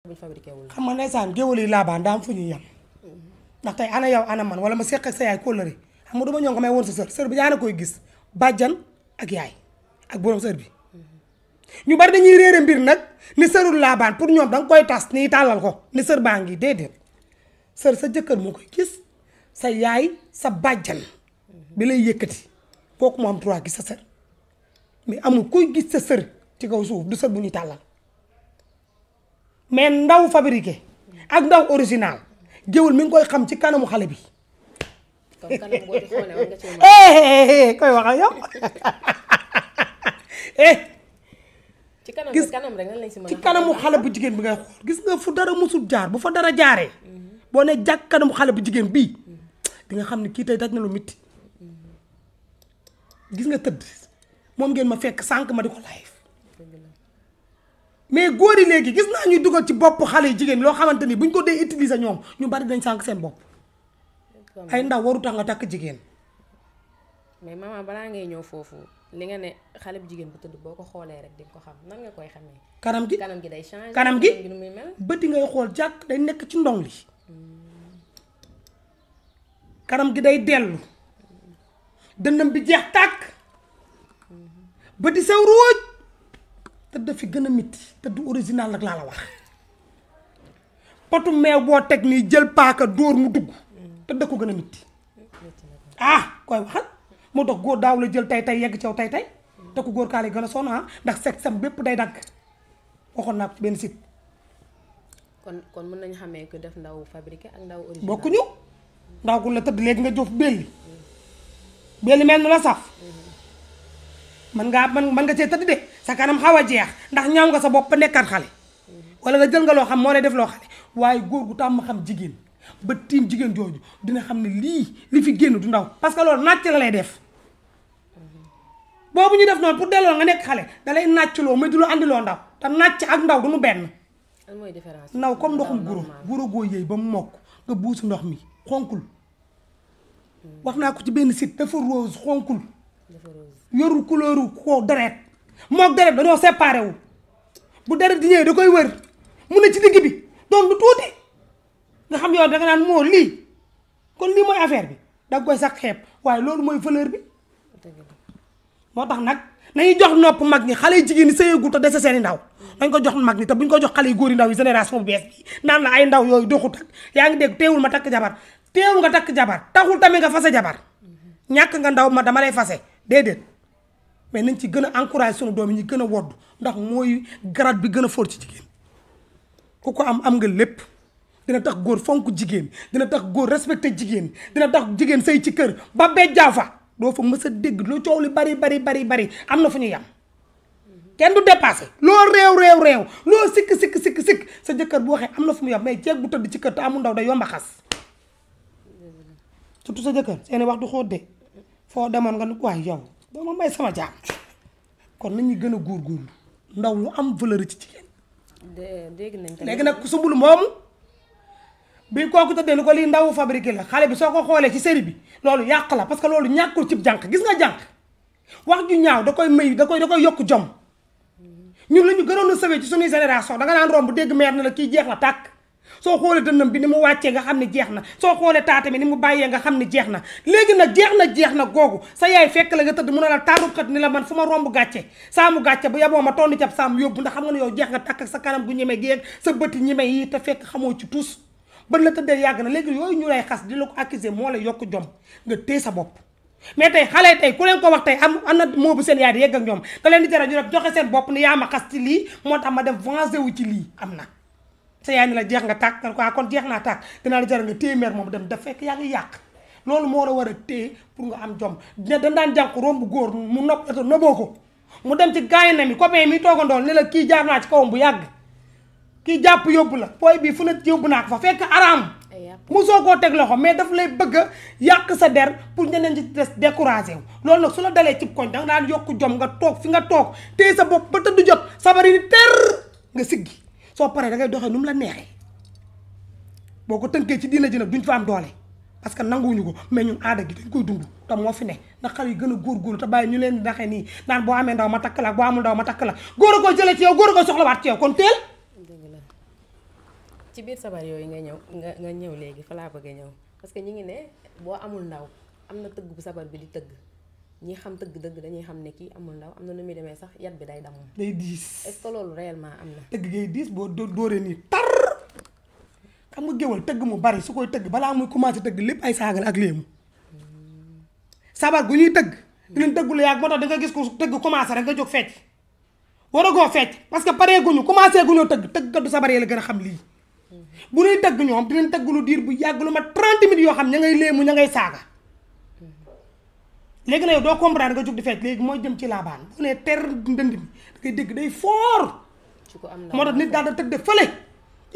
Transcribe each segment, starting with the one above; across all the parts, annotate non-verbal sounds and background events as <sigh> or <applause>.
xam nga ndeysaan géwël yi laabaan daa am fu ñuy yem ndax tey ana yow ana man wala ma seq ak sa yaay kóllëre xam nga du ma sa sër sër koy gis bàjjan ak yaay ak borom bi ñu bari dañuy réere mbir nag ni sërul laabaan pour ñoom danga koy tas nii tàllal ko ni sër baa ngi déedéet sër sa jëkkër moo koy sa yaay bi lay yëkkati kooku moo am droit gis sa sër sa ci kaw suuf du sër bu ñuy tàllal mais ndaw fabriqué ak ndaw original géwél mi ngi koy xam ci kanamu xale bi. Eh, eh, eh, koy wax ak yow. <laughs> ci kanam ci kanam rek ci kanamu xale bu jigéen bi ngay gis nga fu dara musul jaar bu fa dara jaaree. Mhm. boo ne jàkk kanamu xale bu jigéen bi mhm. di nga xam ne kii tey daj na lu mitti mhm. gis nga tëdd moom ngeen ma fekk sànq ma di ko live mais góor yi léegi gis naa ñuy dugal ci bopp xale yi jigéen loo xamante ni buñ ko dee utiliser ñoom ñu bari dañ sànq seen bopp. ay ndaw waru tax nga takk jigéen. mais maman balaa ngay ñëw foofu li nga ne xale bu jigéen bu tëdd boo ko xoolee rek di ko xam nan nga koy xamee. kanam gi kanam gi day changé kanam gi bëti ngay xool jàkk day nekk ci ndong li. Hmm. kanam gi day dellu. dëndam bi jeex tàkk. Hmm. bëti sew ruuj. te dafi gën a miti te du original nag laa la wax potu meew boo teg nii jël paaka dóor mu dugg te da ko gën a miti ah koy waxal moo tax góor daaw la jël tey tey yegg caw tey tay te ko góor kaal yi gën a sonn ah ndax sexe sam bépp day dagg waxoon naa ko kon mën nañu xamee ko def ndaw fabriqué ak ndaw original bokkuñu ndaw gu la tëdd léegi nga jof belli belli mel na la saf man mm-hmm. ngaa man nga cee tëdd de sa kanam xaw a jeex ndax ñaaw nga sa bopp nekkaat xale wala nga jël nga loo xam moo lay def loo xale waaye góor gu tàmm xam jigéen ba tiim jigéen jooju dina xam ne lii li fi génn du ndaw parce que loolu nàcc la lay def boobu ñu def noonu pour delloo nga nekk xale dalay nàcc loo mais du la andiloo ndaw te nàcc ak ndaw du mu benn ndaw comme ndoxum guro guro goo yëy ba mu mokk nga buusu ndox mi xonkul wax naa ko ci benn site dafa rose xonkul yoru couleur ko deret moog deret dañoo séparé wu bu deret di ñëwee da koy wër mu ne ci digg bi doon lu nga xam yow da nga naan moo kon lii mooy affaire da koy sax xeeb waaye loolu mooy valeur bi moo tax nag nañu jox nopp mag ñi xale jigéen ñi sëyeegul te dese seen ndaw nañ ko jox mag ñi te buñ ko jox xale góor yi yi génération bu bees naan la ay ndaw yooyu doxut yaa ngi dégg teewul ma takk jabar teewul nga takk jabar taxul tamit nga fase jabar ñàkk nga ndaw ma dama lay fase déedéet mais nañ ci gën a encouragé sunu doom yi ñu gën a wodd ndax mooy grade bi gën a fort ci jigéen ku ko am am nga lépp dina tax góor fonk jigéen dina tax góor respecté jigéen dina tax jigéen sëy ci kër ba bejjaa fa doo fa mës a dégg lu coow li bari bari bari bari am na fu ñu yam kenn du dépassé loo reew réew réew loo sikk sikk sikk sikk sa jëkkër bu waxee am na fu mu yam mais jeeg bu tëdd ci kër te amul ndaw da yomba xas surtout sa jëkkër seeni wax du xóot de foo demoon nga ni waaye yow doo ma may sama jaam kon nañuy gën a góorgóorlu ndaw lu am valeur ci jigéen. dégg nañ ko léegi nag ku sumbul moomu bi kooku tëddee ni ko lii ndawu fabriqué la xale bi soo ko xoolee ci série bi loolu yàq la parce que loolu ñàkkul cib jànq gis nga jànq wax ju ñaaw da koy may da koy da koy yokk jom mm-hmm. ñun la ñu gënoon a sawee ci suñuy génération da nga naan romb dégg meer na la kii jeex la tàkk. soo xoolee dënnam bi ni mu wàccee nga xam ne jeex na soo xoolee taata mi ni mu bàyyee nga xam ne jeex na léegi na jeex na jeex na googu sa yaay fekk la nga tëdd mu ne la taarubxat ni la man fu ma romb gàcce saamu gàcce bu yaboo ma tonni cab saam yóbbu xam nga ne yow jeex nga sa kanam gu ñeme géeg sa bëti te fekk xamoo ci tus ban la tëddee yàgg na léegi yooyu ñu lay xas di la ko moo la yokk jom nga sa bopp mais tey xale tey ku wax tey am am na moo bu seen yaay di ñoom leen di jaral ñu joxe seen bopp ni yaa ma ci lii moo tax ma dem venger wu ci lii am na sa yaay ne la jeex nga tàkk nga ko ah, kon jeex naa tàkk dinaa la jaral nga téye meer moom dem daf fekk yaa ngi yàq loolu moo la war a téye pour nga am jom ne dañ daan jànk romb góor mu nopp oto noboo ko mu dem ci gaañ na mi copain mi toogandoon ne la kii jaar naa ci kawam bu yàgg kii jàpp yóbbu la booy bii fu ne yóbbu naa ko fa fekk araam musoo koo teg loxo mais daf lay bëgg a sa der pour ñeneen ci des découragé wu loolu nag su la dalee cib koñ danga daan yokk jom nga toog fi nga toog téye sa bopp ba tëdd jot sabari yi ni ter nga siggi soo paree dangay ngay doxee nu mu la neexee boo ko tënkee ci diina ji nag duñ fa am doole parce que nanguwuñu ko mais ñu aada gi dañ koy dund te moo fi ne na xale yi gën a góorgóorlu te bàyyi ñu leen daxe nii naan boo amee ndaw ma takk la boo amul ndaw ma takk la góor a ko jëlee ci yow góor a ko soxlawaat ci yow kon teel. ci biir sabar yooyu nga ñëw nga nga ñëw léegi fa laa bëgg a ñëw parce que ñu ngi ne boo amul ndaw am na tëgg bu sabar bi di tëgg. ñi xam dëgg-dëgg dañuy xam ne kii amul ndaw am na nu muy demee sax yat bi day damm. day diis est-ce que loolu réellement am na. tëgg ngay diis boo dóoree nii tar xam nga géwal tëgg mu bari su koy tëgg balaa muy commencé tëgg lépp ay saagal ak léemu. sabar gu ñuy tëgg. dinañ tëgg lu yàgg moo tax gis ko tëgg commencé rek nga jóg fecc. waragoo fecc parce que paree guñu commencé guñoo tëgg tëgg kaddu sabar yi la gën xam lii. Mm-hmm. bu ñuy tëgg ñoom dinañ tëgg lu diir bu yàgg lu mat 30 minutes yoo xam ña ngay léemu ña ngay saaga. léegi na yow doo comprendre nga jóg di fecc léegi mooy jëm ci laabaan bu ne ter ndënd bi da ngay dégg day fort moo tax nit daal da tëgg de fële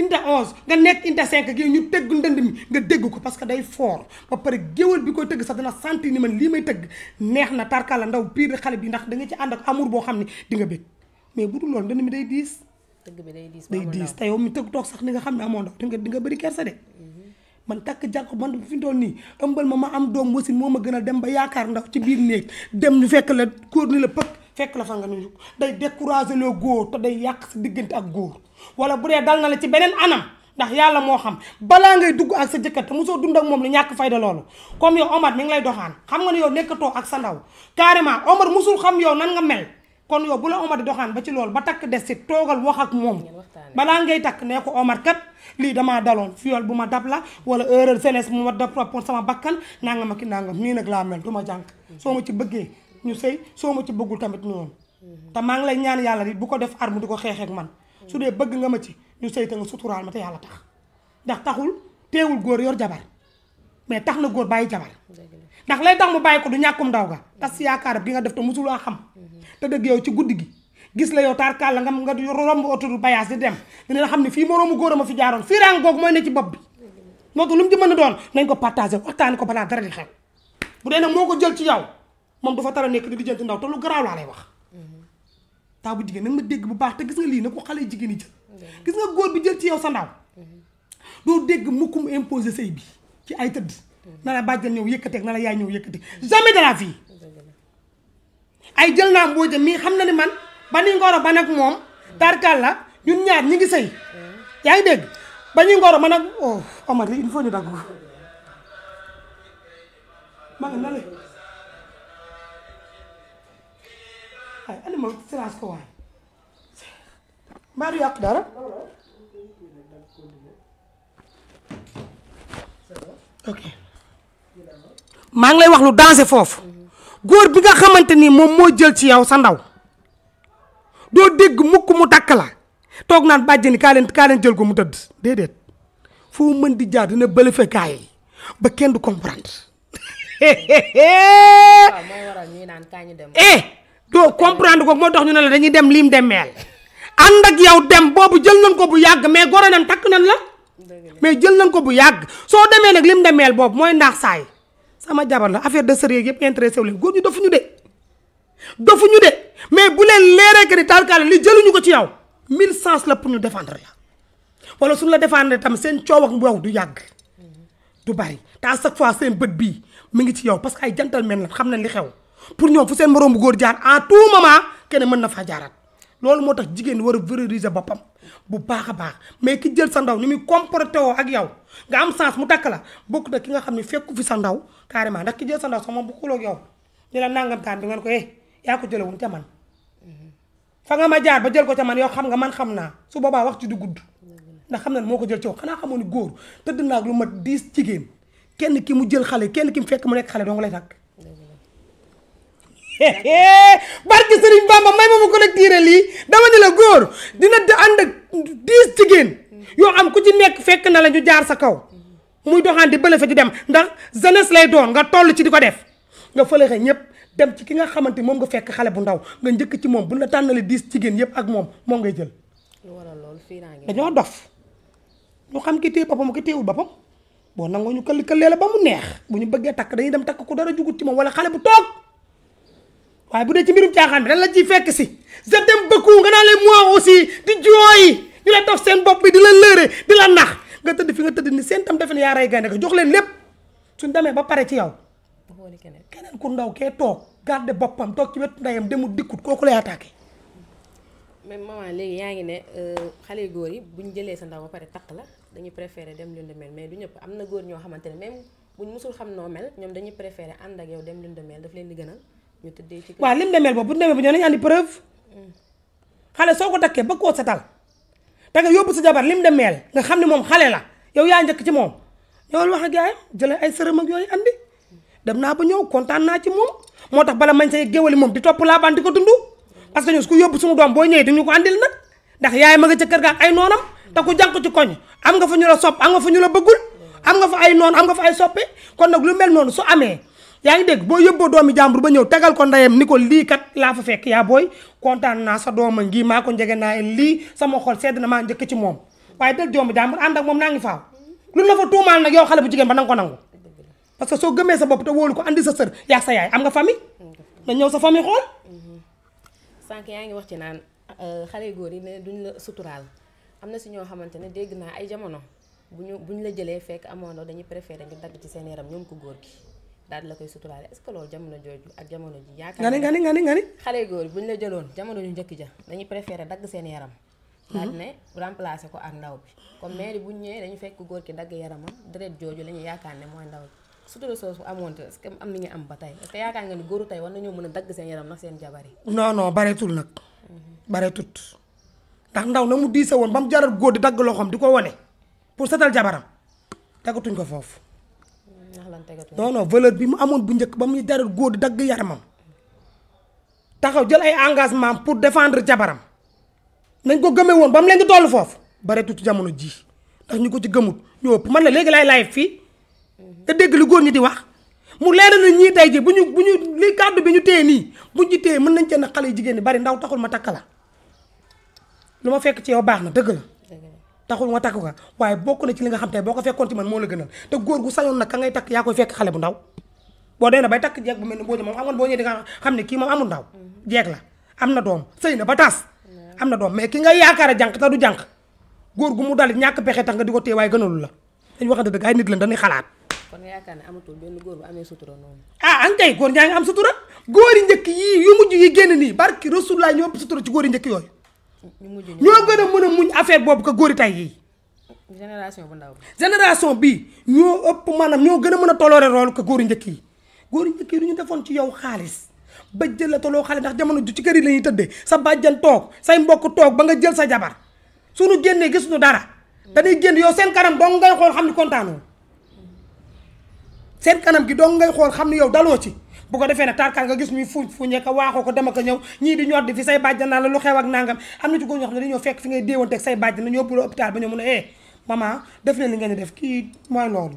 inte onze nga nekk inte cinq gi ñu tëgg ndënd nga dégg ko parce que day fort ba pare géwél bi koy tëgg sax dina sentir ni man lii may tëgg neex na tarkala ndaw piir xale bi ndax da nga ci ànd ak boo xam ne nga bég mais bu dul loolu ndënd mi day diis day toog sax ni nga xam ne amoo ndaw di nga bëri kersa de man takk jàkk man fi doon nii ëmbal ma ma am doom wasin moo ma gën a dem ba yaakaar ndaw ci biir néeg dem ñu fekk la kóor ni la pëkk fekk la fa nga nuyu day décourager le góor te day yàq sa diggante ak góor wala bu dee dal na la ci beneen anam ndax yàlla moo xam balaa ngay dugg ak sa jëkkër te mosoo dund ak moom lu ñàkk fayda loolu comme yow Omar mi ngi lay doxaan xam nga ne yow nekkatoo ak sa ndaw carrément Omar mosul xam yow nan nga mel kon yow bu la Omar di doxaan ba ci loolu ba takk des si toogal wax ak moom balaa ngay takk nee ko Omar kat lii damaa daloon fiol bu ma dab la wala erreur jeunesse bu ma dab toppoon sama bakkan nangam ki nàngam nii nag laa mel du ma jànk mm-hmm. soo ma ci bëggee ñu sëy soo ma ci bëggul tamit noonu mm-hmm. te maa ngi lay ñaan yàlla di bu ko def arme di ko xeexeek man su dee bëgg nga ma ci ñu sëy te nga suturaal ma te yàlla tax ndax taxul teewul góor yor jabar mais tax na góor bàyyi jabar ndax lay tax mu bàyyi ko du ñàkkum ndaw ga tas yaakaar bi nga def te musuloo xam mhm. te dëgg yow ci guddi gi gis la yow taarkaal la nga nga romb autour bayaas di dem dina xam ne fii moroomu góor a ma fi jaaroon fiiraan googu mooy ne ci bopp bi moo tax lu mu a doon nañ ko partagé ko balaa dara di xew bu moo ko jël ci yow moom dafa tara nekk di lijjanti ndaw te lu garaaw laa lay wax mhm. taaw bu jigéen nag ma dégg bu baax te gis nga lii na ko xale jigéen yi jël gis nga góor jël ci yow sa ndaw mhm. doo dégg mukkum imposé sëy bi ci ay tëdd na la bàjjal ñëw yëkkati ak na la yaay ñëw yëkkati jamais de la vie ay jël naa mbooja mii xam na ni man ba ni ngoro ba nag moom tarkal la ñun ñaar ñi ngi sëy yaa ngi dégg ba ñuy ngoro ma nag oh Omar li il faut ñu dagg ko waay mbaa du yàq dara maa ngi lay wax lu danger foofu góor bi nga xamante ni moom moo jël ci yow sa ndaw doo dégg mukk mu takk la toog naan bàjjeni kaa leen kaa leen jël ko mu tëdd déedéet foo mën di jaar dina bële fekkaay ba kenn du comprendre. waaw moo naan kaa ñu dem. eh doo comprendre ko moo tax ñu ne la dañuy dem lim demeel ànd ak yow dem boobu jël nañ ko bu yàgg mais góor a nan takk nan la. mais jël nañ ko bu yàgg soo demee nag lim demeel boobu mooy ndax saay sama jabar la affaire de sérieux yëpp intéressé wu leen góor ñu dofuñu de dofuñu de mais bu leen leeree que ni tàlkaale li ñu ko ci yow mille sens la pour ñu défendre la wala suñu la défendre tam seen coow ak mbow du yàgg du bari te à fois seen bët bii mu ngi ci yow parce que ay gentleman la xam nañ li xew pour ñoom fu seen moroom bu góor jaar en tout moment kenn mën na faa jaaraat loolu moo tax jigéen war a valoriser boppam. bu baax a baax mais ki jël sa ndaw ni muy comporté woo ak yow nga am sens mu takk la bokk na ki nga xam ne fekku fi sa ndaw carrément ndax ki jël sa ndaw sax moom bu xuloo ak yow ñu la nangamtaan bi ngeen ko eh yaa ko jëlewul ca man. fa nga ma jaar ba jël ko ca man yow xam nga man xam naa su boobaa wax ci du gudd ndax xam na moo ko jël ci yow xanaa xamoon ni góor tëdd naag lu mat 10 jigéen kenn ki mu jël xale kenn ki mu fekk mu nekk xale dong lay takk. barke Serigne Bamba may ma ma ko nag tiire lii dama ni la góor dina ànd ak dix jigéen yow am ku ci nekk fekk na la ñu jaar sa kaw muy doxaan di bële fa di dem ndax jeunesse lay doon nga toll ci di ko def nga fëlexe ñëpp dem ci ki nga xamante moom nga fekk xale bu ndaw nga njëkk ci moom bu la tànnale dix jigéen yëpp ak moom moom ngay jël. lu waral loolu fii dañoo dof ñu xam ki téye boppam ki téyewul boppam boo nangoo ñu këll këllee la ba mu neex bu ñu bëggee takk dañuy dem takk ku dara jugut ci moom wala xale bu toog. waaye bu dee ci mbirum caaxaan bi lan la ciy fekk si je t'aime beaucoup nga naa leen moi aussi di jooy di la def seen bopp bi di la lëre di la nax nga tëdd fi nga tëdd ni seen tam defe ne yaa rey gaynde ko jox leen lépp suñ demee ba pare ci yow keneen ku ndaw kee toog garde boppam toog ci wetu ndeyam demul dikkut kooku lay attaqué mais maman léegi yaa ngi ne euh, xale góor yi bu ñu jëlee sa ndaw ba pare takk la dañu préféré dem lune de mais du ñëpp am na góor ñoo xamante ne même buñ musul xam noo mel ñoom dañuy préféré ànd ak yow dem lune de miel daf leen di gënal ñu tëddee ci kër waaw lim demee boobu bu demee ba ñoo nañu andi mm. xale soo ko takkee ba koo setal te nga yóbbu sa jabar lim demeel nga xam ne moom xale la yow yaa njëkk ci moom ñëwal wax ak yaayam jëlee ay sërëm ak yooyu andi dem naa ba ñëw kontaan naa ci moom moo tax bala mañ say géwali moom di topp laa bant di ko dund parce que ñun su ko yóbbu suñu doom boo ñëwee dañu ko andil nag ndax yaay ma nga ca kër ga ay noonam te ku jànq ci koñ am nga fu ñu la sopp am nga fa ñu la bëggul am nga fa ay noon am nga fa ay kon nag lu mel noonu su amee yaa ngi dégg boo yóbboo doomi jàmbur ba ñëw tegal ko ndeyam ni ko lii kat laa fa fekk yaa booy kontaan naa sa dooma ngi maa ko njege naa lii sama xol sedd na maa njëkk ci moom waaye del doomi jàmbur ànd moom naa ngi faaw lu la fa tuumaal nag yow xale bu jigéen ba ko nangu parce que soo gëmee sa bopp te wóolu ko andi sa sër yaa sa yaay am nga famille na ñëw sa famille xool sànq yaa ngi wax ci naan euh, xale yu góor yi ne duñ la suturaal am na si ñoo xamante ne dégg naa ay jamono bu ñu bu ñu la jëlee fekk amoon dañuy préféré ñu dagg ci seen yaram ñoom ko góor gi daal la koy suturaale est-ce que loolu jamono jooju ak jamono ji yaakaar nga ni nga ni nga ni nga ni xale góor bu ñu la jëloon jamono ñu njëkk ja dañuy préféré dagg seen yaram mhm. daal ne remplacé ko ak ndaw bi comme mairie bu ñu ñëwee dañu fekk góor ki dagg yaramam deret jooju la ñuy yaakaar ne mooy ndaw bi sutura amoon te est-ce que am ba tey est-ce nga ni góoru tey war nañoo mën a dagg seen yaram nag seen jabar yi non non bareetul nag mhm. bareetut ndax ndaw na mu diise woon ba mu jaral góor di dagg loxoom di ko wone pour setal jabaram daggatuñ ko foofu non non valeur bi mu amoon bu njëkk ba muy jaral góor di dagg yaramam taxaw jël ay engagement pour defendre jabaram nañ ko gëmee woon ba mu leen di toll foofu bareetu ci jamono jii ndax ñu ko ci gëmut ñoo ëpp man la léegi laay live fii nga mhm. dégg lu góor ñi di wax mu leer na ñii tey ji bu ñu bu ñu li kàddu bi ñu téye nii buñ ci téye mën nañ cee na xale yu jigéen ñi bari ndaw taxul ma takk la lu ma fekk ci yow baax na dëgg la taxul ma takk ko waaye bokk na ci li nga xam te boo ko fekkoon moo la gënal te góor gu sañoon nag ka na ne kii moom amul ndaw jeeg la am na doom sëy na ba taas am na doom mais ki nga yaakaar jànq te du jànq góor gu mu dal ñàkk pexe tax nga di ko téye waaye gënalu la dañ waxante dëgg ay nit lañ dañuy xalaat kon nga yaakaar ne amatul benn góor ah an góor ñaa ngi am sutura góor njëkk yii yu mujj yi génn nii barki rasulullah ñoo sutura ci góor njëkk yooyu ñoo gën a mën a muñ affaire boobu ko góori yi yii. bu ndaw génération bi ñoo ëpp maanaam ñoo gën a mën a tolloore rool ko góori njëkk yi góori njëkk yi du ñu defoon ci yow xaalis ba jël la toloo xaalis ndax jamono du ci kër yi la ñuy tëddee sa bàjjan toog say mbokk toog ba nga jël sa jabar suñu génnee gisuñu dara dañuy génn yow seen kanam dong ngay xool xam ni kontaanoo seen kanam gi dong ngay xool xam ni yow daloo ci bu ko defee ne tarkaar nga gis muy fuuñ fuuñ ak waaxoo ko dem ak ñëw ñii di ñor di fi say bàjjan naa la lu xew ak nangam am na ci góor ñoo xam ne dañoo fekk fi ngay déewante ak say bàjjan nañu yóbbu eh, def na li ngeen di def kii mooy loolu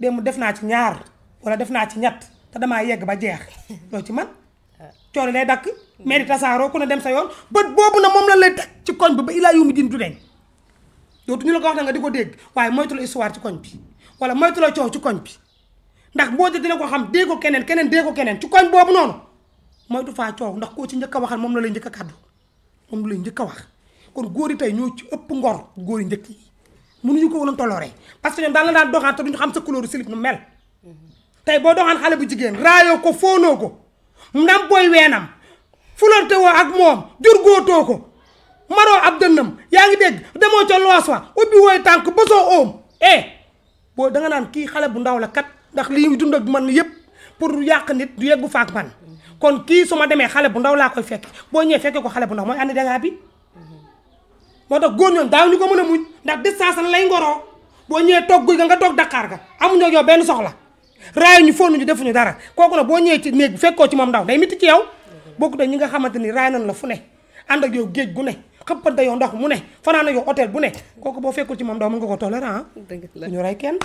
démb def naa ci ñaar wala def naa ci ñett te damaa yegg ba jeex <laughs> ci man ah. coono lay dakk mais di tasaaroo ku ne dem sa yoon bët boobu na moom la lay teg ci koñ bi ba ilaa yu mu din du deñ dootu ñu la ko wax na nga di ko dégg waaye moytu la histoire ci koñ bi wala moytu la coow ci koñ bi ndax Mbodia dina ko xam dee ko keneen keneen dee ko keneen ci koñ boobu noonu moytu faa coow ndax koo ci njëkk a waxal moom la lay njëkk a kàddu moom la lay njëkk a wax kon góor yi tey ñoo ci ëpp ngor góor yi njëkk yi mënuñu ko woon tollooree parce que ñoom daan la daan doxaan te duñu xam sa couleur slip nu mel tey boo doxaan xale bu jigéen raayoo ko fóonoo ko ndam booy weenam fulante woo ak moom jur góotoo ko maroo ab dënnam yaa ngi dégg demoo ca loos wa ubbi wooy tànk eh, boo da nga naan kii xale bu ndaw la kat ndax li ñuy dund ak man yëpp pour yàq nit du yeggu faak man kon kii su ma demee xale bu ndaw laa koy fekk boo ñëwee fekkee ko xale bu ndaw mooy andi dangaa bi moo tax góor ñoom daaw ñu ko mën a muñ ndax distance lay ngoroo boo ñëwee toog guy nga toog Dakar ga amuñu ak yow benn soxla raay ñu defuñu dara kooku nag boo ñëwee ci néeg bi fekkoo ci moom ndaw day miti ci yow bokku da ñi nga xamante ni raay nañ la fu ne ànd ak yow géej gu ne xëppante yow ndox mu ne fanaan yoo yow bu ne kooku boo fekkul ci moom ndaw mën nga ko tolérant ñu ray kenn